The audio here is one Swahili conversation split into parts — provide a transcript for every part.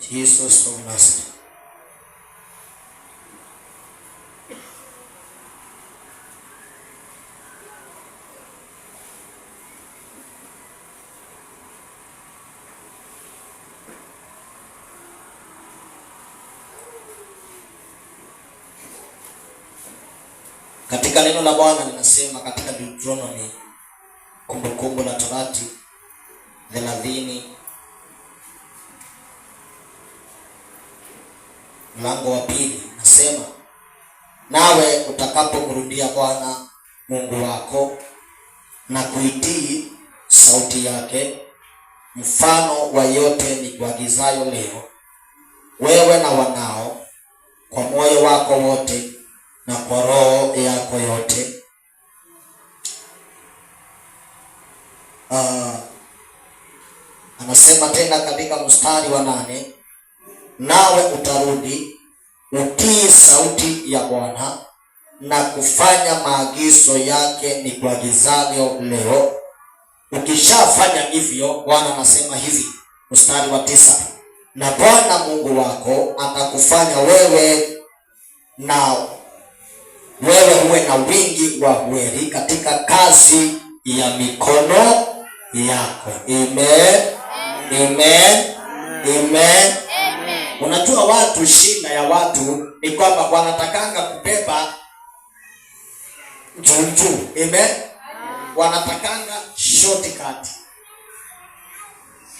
Jesus of Nazareth. Katika neno la Bwana linasema katika Deuteronomy kumbukumbu la Torati thelathini mlango wa pili nasema, nawe utakapomrudia Bwana Mungu wako na kuitii sauti yake, mfano wa yote ni kuagizayo leo, wewe na wanao, kwa moyo wako wote na kwa roho yako yote uh, anasema tena katika mstari wa nane nawe utarudi utii sauti ya Bwana na kufanya maagizo yake ni kuagizavyo leo. Ukishafanya hivyo, Bwana anasema hivi, mstari wa tisa, na Bwana Mungu wako atakufanya wewe na wewe huwe na wingi wa kweli katika kazi ya mikono yako. Amen, amen, amen. Unajua watu, shida ya watu ni kwamba wanatakanga kubeba juujuu. Amen, wanatakanga shortcut,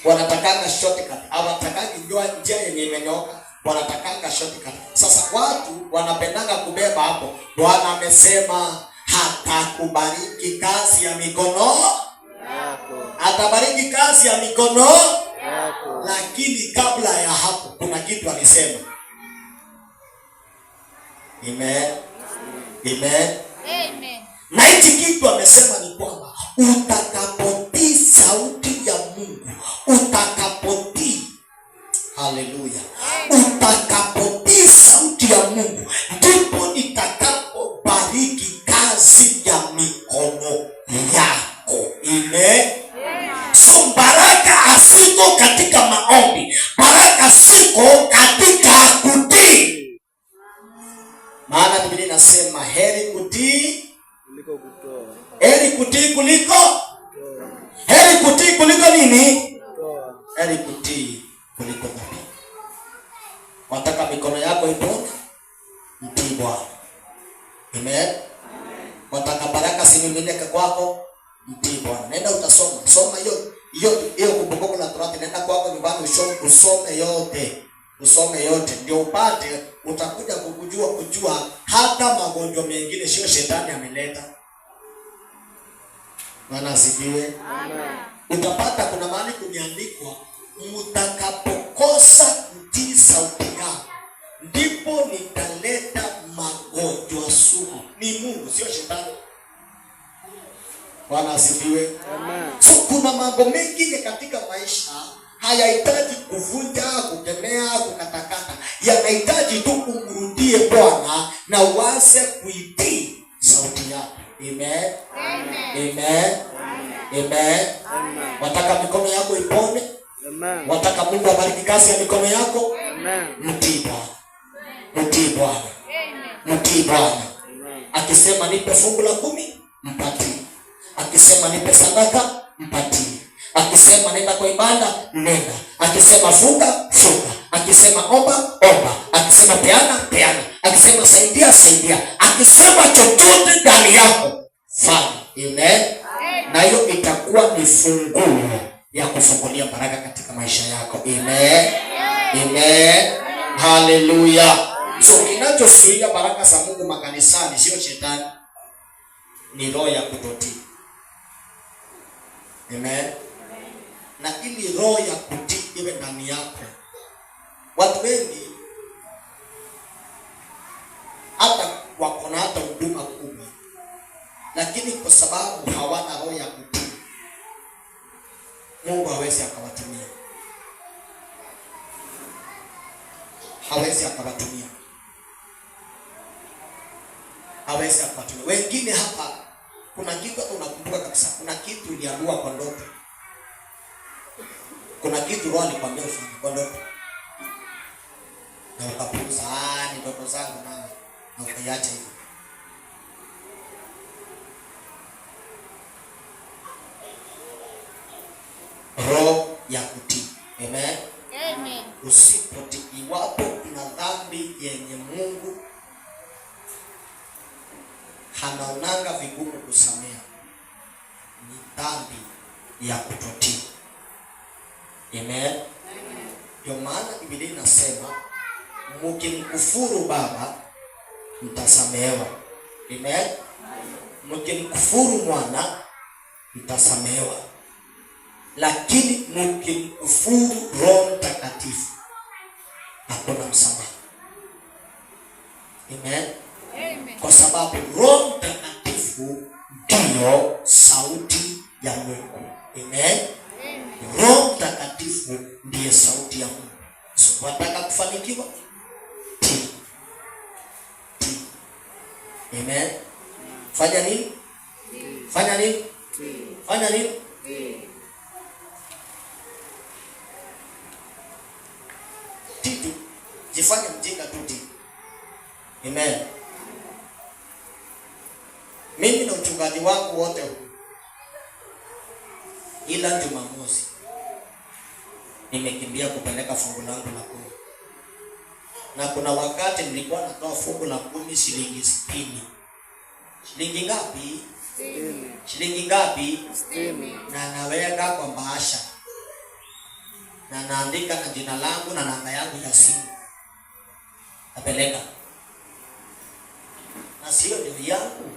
wanatakanga shortcut, hawatakangi jua njia yenye imenyoka, wanatakanga shortcut. Sasa watu wanapendanga kubeba hapo. Bwana amesema hatakubariki kazi ya mikono yako, atabariki kazi ya mikono lakini kabla ya hapo kuna kitu alisema. Amen. Amen. Amen. Na hiki kitu amesema ni kwamba utakapotii sauti ya Mungu, utakapotii, haleluya, utakapotii sauti ya Mungu ndipo nitakapobariki kazi ya mikono yako. Amen. So baraka asiko maombi. Baraka ziko katika kutii, maana Biblia inasema heri kutii kuliko kutoa. Heri kutii kuliko kutoa. Heri kutii kuliko nini? Kutoa. Heri kutii kuliko kutoa. Wataka mikono yako ipo mtii Bwana. Amen. Wataka baraka simiminika kwako mtii Bwana. Nenda utasoma. Soma hiyo hiyo hiyo la Torati, nenda kwako nyumbani usome yote, usome yote ndio upate, utakuja kukujua kujua hata magonjwa mengine sio shetani ameleta. Bwana asifiwe. Utapata kuna mahali kumeandikwa, mtakapokosa kutii sauti yangu ndipo nitaleta magonjwa sugu. Ni Mungu, sio shetani. Bwana asifiwe. So kuna mambo mengine katika maisha hayahitaji kuvunja, kutemea, kukatakata, yanahitaji tu kumrudie Bwana na uanze kuitii sauti yake. Amen. Amen. Amen. Amen. Wataka mikono yako ipone? Amen. Wataka Mungu abariki kazi ya mikono yako? Amen. Mtii Bwana. Mtii Bwana. Mtii Bwana. Akisema nipe fungu la kumi, mpatie. Akisema nipe sadaka, mpatie. Akisema nenda kwa ibada, nenda. Akisema funga, funga. Akisema omba, omba. Akisema peana, peana. Akisema saidia, saidia. Akisema chochote ndani yako fanya. Amen. Na hiyo itakuwa ni funguo ya kufungulia baraka katika maisha yako. Amen. Amen. Haleluya. So kinachozuia baraka za Mungu makanisani sio shetani, ni roho ya kutotii. Amen. Na ili roho ya kutii iwe ndani yako. Watu wengi hata wako na hata huduma kubwa, lakini kwa sababu hawana roho ya kutii, Mungu hawezi akawatumia, hawezi akawatumia. Kuna kitu roho alikwambia usiku kwa ndoto. Na ukapuuza, ah, ni ndoto zangu na na ukaiacha hiyo. Roho ya kutii. Amen. Amen. Usipotii, iwapo kuna dhambi yenye Mungu hanaonanga vigumu kusamea, ni dhambi ya kutotii. Amen. Ndio maana Biblia inasema mkimkufuru baba mtasamehewa. Amen. Mkimkufuru mwana mtasamehewa, lakini mkimkufuru Roho Mtakatifu hakuna msamaha. Amen. Kwa sababu Roho Mtakatifu ndiyo sauti ya Mungu. Amen. Amen. Mtakatifu ndiye sauti ya Mungu. So, wataka kufanikiwa ti. Ti. Amen. Fanya nini? Fanya nini? Fanya nini? Titu. Jifanye mjinga tu ti. Amen. Mimi na mchungaji wako wote ila Jumamosi nimekimbia kupeleka fungu langu la kumi, na kuna wakati nilikuwa natoa fungu la kumi shilingi sitini. Shilingi ngapi? Sitini. Shilingi ngapi? Sitini. Na naweka kwa bahasha na naandika na jina langu na namba yangu ya simu, napeleka na sio ndio yangu.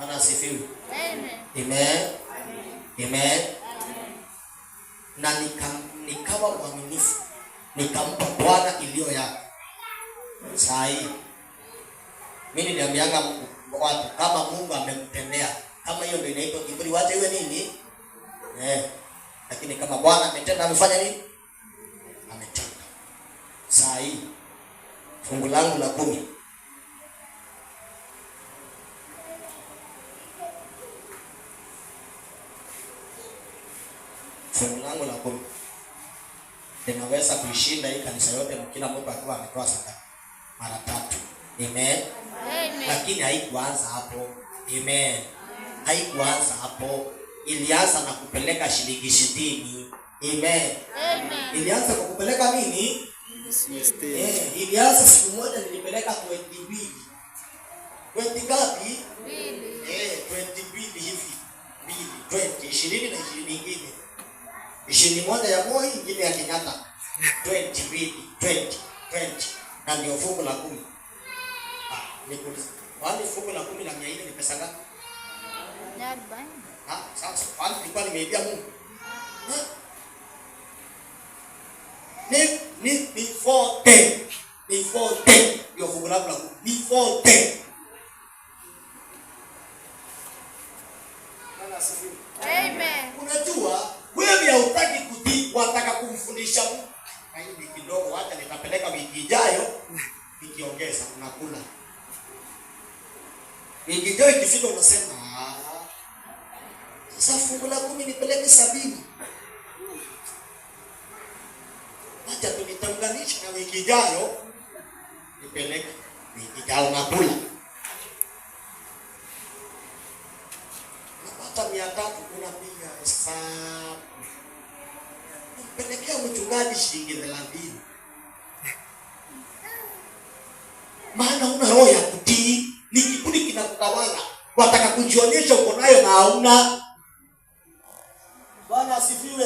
Ana asifiwe. Amen. Amen. Amen na nika, nikawa uaminifu, nikampa Bwana iliyo yake. Saa hii mimi niliambianga watu kama Mungu amekutendea kama hiyo ndio inaitwa kiburi, wacha iwe nini eh, lakini kama Bwana ametenda, amefanya nini? Ametenda. Saa hii fungu langu la kumi fungu langu la kumi linaweza kuishinda hii kanisa yote, kila mtu akiwa ametoa sadaka mara tatu. Amen. Lakini haikuanza hapo. Amen. Haikuanza hapo, ilianza na kupeleka shilingi ishirini. Amen. Ilianza kwa kupeleka nini? Eh, ilianza siku moja nilipeleka 22. 20 ngapi? Mbili. Eh, mbili hivi. 20, 20, 20 na Misheni moja ya Moi, ingine ya Kenyatta 20 20 20 na ndio fungu la kumi. Ah, kuli. Wani fungu la kumi na mia nne ni pesa ngapi? Ha, sasa wale nilikuwa nimeibia Mungu. Ni ni ni 410. Ni 410. Ndio fungu la kumi. Ni 410. Ingijoo ikifika unasema sasa fungu la kumi nipeleke sabini, hata tunitanganisha na wiki ijayo nipeleke wiki ijayo nakula napata mia tatu, kuna unapiga hesabu nampelekea mchungaji shilingi thelathini. wataka kujionyesha uko nayo na hauna. Bwana asifiwe,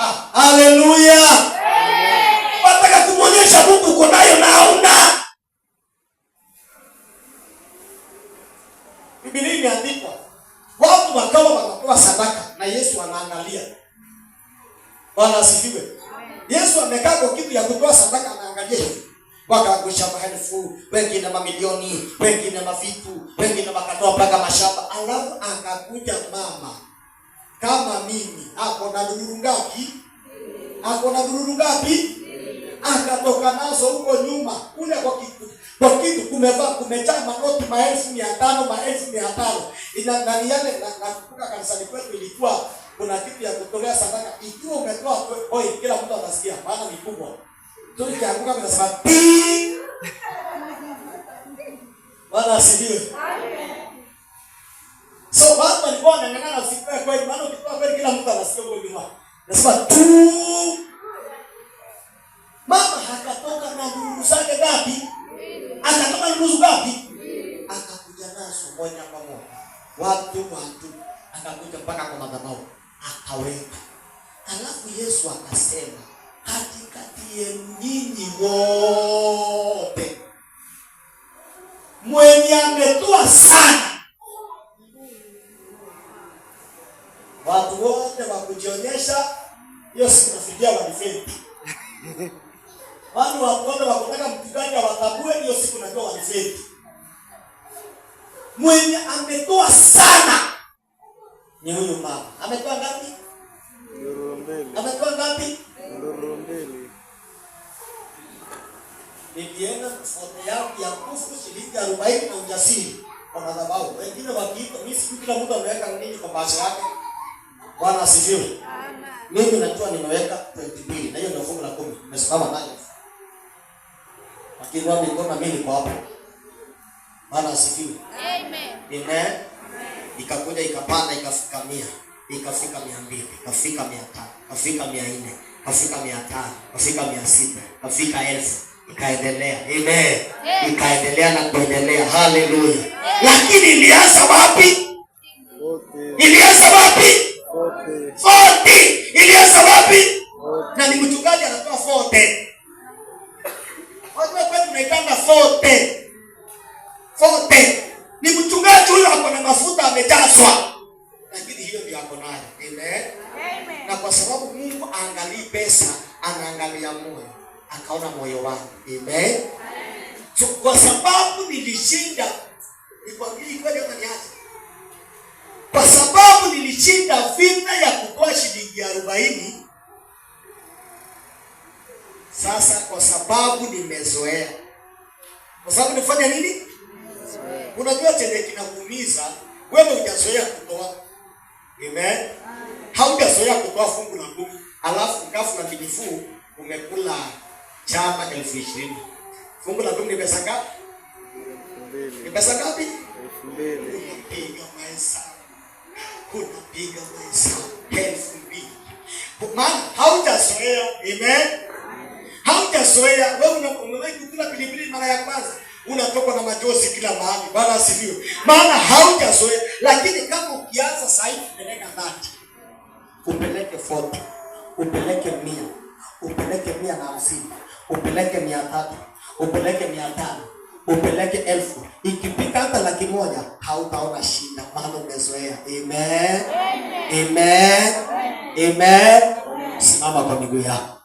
ah, haleluya. Wataka kumwonyesha Mungu uko nayo na hauna. Biblia imeandikwa watu wakawa wanatoa sadaka na Yesu anaangalia. Bwana asifiwe. Yesu amekaa kwa kitu ya kutoa sadaka, anaangalia hivi wakaangusha maelfu, wengine mamilioni, wengine mavitu, wengine wakatoa mpaka mashamba. Alafu akakuja mama kama mimi, ako na dhururu ngapi? Ako na dhururu ngapi? Akatoka nazo huko nyuma kule kwa kitu kwa kitu kumevaa kumejaa manoti maelfu mia tano maelfu mia tano ina ndani Nakumbuka kanisani kwetu ilikuwa kuna kitu ya kutolea sadaka, ikiwa umetoa kila mtu atasikia, maana ni kubwa Tuli kianguka kwa sababu pi. Wala asidiwe. So watu walikuwa wanang'ang'ana usikuwe kweli, maana ukikuwa kweli kila mtu anasikia kwa Ijumaa. Nasema tu. Mama akatoka na ndugu zake ngapi? Akatoka na ndugu ngapi? Akakuja nazo moja kwa moja. Watu watu akakuja mpaka kwa madhabahu akaweka. Alafu Yesu akasema katika niwaambie nyinyi wote, mwenye ametoa sana, watu wote wakujionyesha, hiyo siku nafikia walifeli watu wakuona wakutaka mchungaji awakabue, hiyo siku najua walifeli. Mwenye ametoa sana ni huyu mama. Ametoa ngapi? Ametoa ngapi? nilienda sauti yangu ya kufu shilingi arobaini na ujasiri kwa madhabahu. Wengine wakiita mimi sijui, kila mtu ameweka nini kwa macho yake. Bwana asifiwe. Mimi najua nimeweka 22 na hiyo ndio fungu la 10 nimesimama nayo, lakini wao nilikuwa mimi niko hapo. Bwana asifiwe. Amen. Amen. Ikakuja ikapanda ikafika mia ikafika mia mbili ikafika mia tatu ikafika mia nne ikafika mia tano ikafika mia sita ikafika elfu ikaendelea. Amen. Ikaendelea na kuendelea. Haleluya. Lakini ilianza wapi? Ilianza wapi? Forty. Ilianza wapi? Na ni mtu gani anatoa forty. Watu kwetu tunaitanga forty. Forty. Ni mchungaji huyo ako na mafuta amejazwa. Lakini hiyo ndio ako nayo. Amen. Na kwa sababu Mungu angalii pesa, anaangalia moyo akaona moyo wangu. Amen. So, kwa sababu nilishinda, nikwambie kweli kwa sababu nilishinda vita ya kutoa shilingi arobaini. Sasa kwa sababu nimezoea, kwa sababu nifanya nini? Unajua chenye kinakuumiza wewe, hujazoea kutoa. Amen. Haujazoea kutoa fungu la kumi, alafu ghafla kijifuu umekula chapa elfu ishirini. Fungu la kumi ni pesa ngapi? Ni pesa ngapi? elfu mbili. Unapiga mahesabu, unapiga mahesabu elfu mbili, maana hautazoea. Amen, hautazoea. Wewe unakula pilipili mara ya kwanza unatoka na machozi kila mahali. Bwana asifiwe, maana hautazoea. Lakini kama ukianza sasa hivi, peleka dhati, upeleke 40 upeleke mia upeleke mia na hamsini upeleke mia tatu upeleke mia tano upeleke elfu. Ikipika hata laki moja hautaona shida, maana umezoea. Amen, amen, amen. Simama kwa miguu yako.